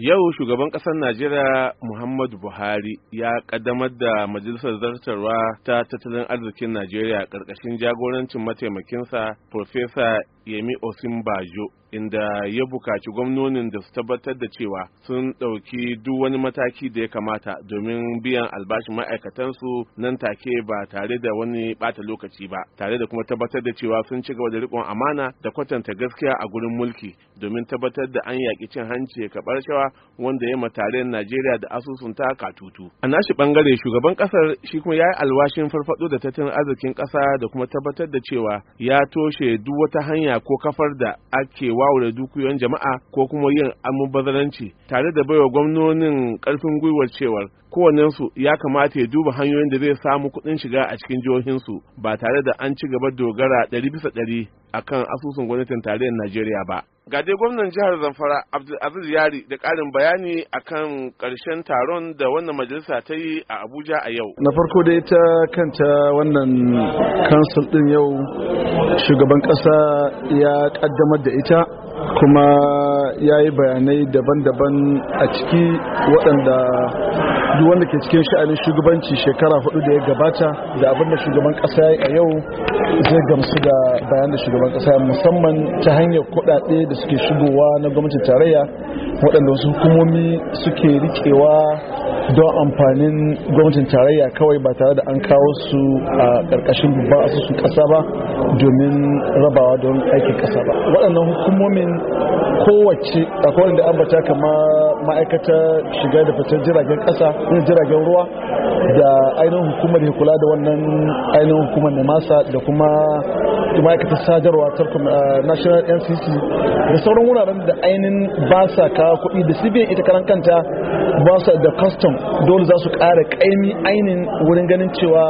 Yau shugaban ƙasar Najeriya Muhammadu Buhari ya ƙaddamar da Majalisar Zartarwa ta Tattalin Arzikin Najeriya ƙarƙashin jagorancin mataimakinsa Profesa Yemi Osinbajo inda ya bukaci gwamnonin da su tabbatar da cewa sun ɗauki duk wani mataki da ya kamata domin biyan albashin ma'aikatansu nan take ba tare da wani ɓata lokaci ba tare da kuma tabbatar da cewa sun ci gaba da riƙon amana da kwatanta gaskiya a gurin mulki domin tabbatar da an yaƙi cin hanci ya kaɓar shawa wanda ya matarayyar Najeriya da asusun ta katutu. A nashi bangare shugaban kasar shi kuma ya yi alwashin farfado da tattalin arzikin kasa da kuma tabbatar da cewa ya toshe duk wata hanya ko kafar da ake wawure dukiyoyin jama'a ko kuma yin amubazaranci tare da baiwa gwamnonin karfin gwiwar cewar kowannensu ya kamata ya duba hanyoyin da zai samu kuɗin shiga a cikin jihohinsu ba tare da an ci gaba dogara ɗari bisa ɗari a kan asusun gwamnatin tarayyar Najeriya ba. Ga dai gwamnan jihar Zamfara Abdulaziz Yari da ƙarin bayani a kan ƙarshen taron da wannan majalisa ta yi a Abuja a yau. Na farko dai ta kanta wannan kansul ɗin yau shugaban ƙasa ya ƙaddamar da ita kuma ya yi bayanai daban-daban a ciki waɗanda duk wanda ke cikin sha'anin shugabanci shekara hudu da ya gabata da abin da shugaban kasa ya yi a yau zai gamsu da bayan da shugaban kasa musamman ta hanyar kuɗaɗe da suke shigowa na gwamnatin tarayya waɗanda wasu hukumomi suke rikewa don amfanin gwamnatin tarayya kawai ba tare da an kawo su a ƙarƙashin babban asusun ƙasa ba domin rabawa don aikin ƙasa ba waɗannan hukumomin kowace akwai da ambata kama ma'aikatar shiga da fitar jiragen ƙasa jiragen ruwa da ainihin hukumar kula da wannan ainihin hukumar namasa da kuma da ma'aikatar sadarwa tarkon uh, national ncc da sauran wuraren da ainihin ba sa kawo kuɗi da cbn ita karan kanta ba sa da custom dole za su ƙara ƙaimi ainihin wurin ganin cewa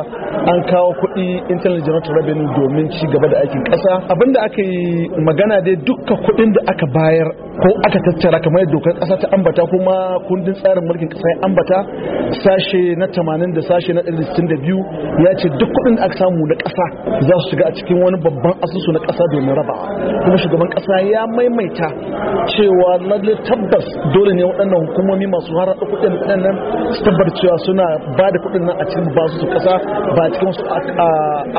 an kawo kuɗi internet general revenue domin ci gaba da aikin ƙasa abinda aka yi magana dai dukkan kuɗin da aka bayar ko aka tattara kamar dokar kasa ta ambata kuma kundin tsarin mulkin kasa ya ambata sashe na 80 da sashe na 162 ya ce duk kudin da aka samu na kasa za su shiga a cikin wani babban asusu na kasa domin raba kuma shugaban kasa ya maimaita cewa lalle tabbas dole ne waɗannan hukumomi masu hara da kudin nan su tabbata cewa suna ba da kudin nan a cikin ba su kasa ba a cikin wasu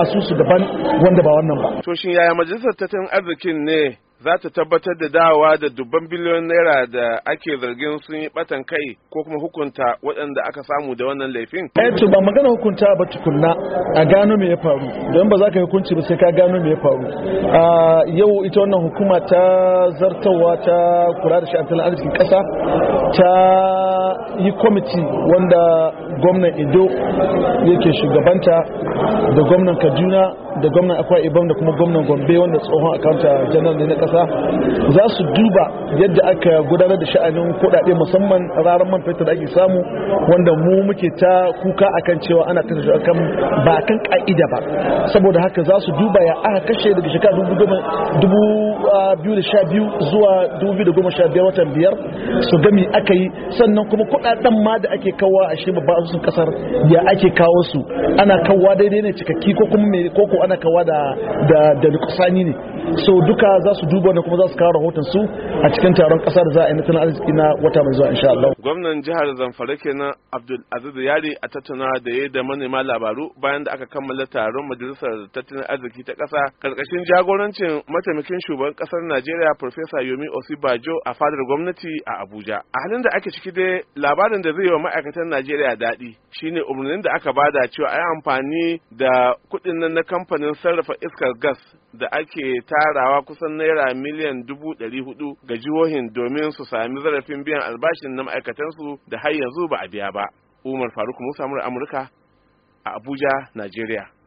asusu daban wanda ba wannan ba to shin yaya majalisar tattalin arzikin ne za ta tabbatar da dawowa da dubban biliyon naira da ake zargin sun yi batan kai ko kuma hukunta waɗanda aka samu da wannan laifin? Eh, to ba magana hukunta ba tukunna a gano me ya faru don ba za ka hukunci ba sai ka gano me ya faru yau ita wannan hukuma ta zartawa ta kula da sha'atar arzikin ƙasa ta yi kwamiti wanda gwamnan ido yake shugabanta da gwamnan kaduna da gwamnan akwa ibom da kuma gwamnan gombe wanda tsohon akanta janar ne na ƙasa ƙasa za su duba yadda aka gudanar da sha'anin kudade musamman ranar man fetur da ake samu wanda mu muke ta kuka akan cewa ana ta shi akan ba kan ka'ida ba saboda haka za su duba ya aka kashe daga shekara dubu biyu da sha biyu zuwa dubu biyu da goma sha watan biyar su gami aka yi sannan kuma kuɗaɗen ma da ake kawo a shi babban asusun ƙasar ya ake kawo su ana kawo daidai ne cikakki ko kuma ko ana kawo da da da ne so duka za su duba duba da kuma za su kawo rahoton su a cikin taron kasa da za a yi na arziki na wata mai zuwa insha Allah. Gwamnan jihar Zamfara kenan Abdul Aziz Yari a tattauna da ya da manema labaru bayan da aka kammala taron majalisar tattalin arziki ta kasa karkashin jagorancin mataimakin shugaban kasar Najeriya Professor Yomi Osibajo a fadar gwamnati a Abuja. A halin da ake ciki dai labarin da zai yi wa ma'aikatan Najeriya daɗi shine umarnin da aka bada cewa a yi amfani da kuɗin nan na kamfanin sarrafa iskar gas da ake tarawa kusan naira miliyan dubu ɗari hudu ga jihohin domin su sami zarafin biyan albashin na ma'aikatansu da har yanzu ba a biya ba umar faruk musa amurka a abuja najeriya